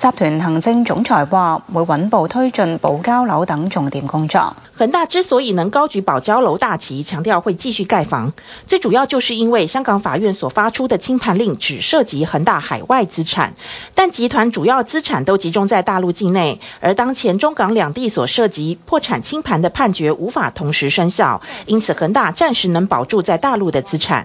集團行政總裁話會穩步推進保交樓等重點工作。恒大之所以能高舉保交樓大旗，強調會繼續蓋房，最主要就是因為香港法院所發出的清盤令只涉及恒大海外資產，但集團主要資產都集中在大陸境內，而當前中港兩地所涉及破產清盤的判決無法同時生效，因此恒大暫時能保住在大陸的資產。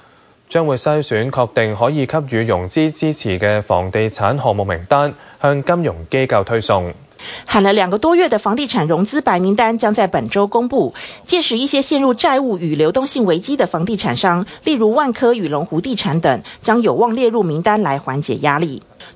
將會篩選確定可以給予融資支持嘅房地產項目名單，向金融機構推送。喊了兩個多月的房地產融資白名單將在本周公布，屆時一些陷入債務與流動性危機的房地產商，例如萬科與龍湖地產等，將有望列入名單來緩解壓力。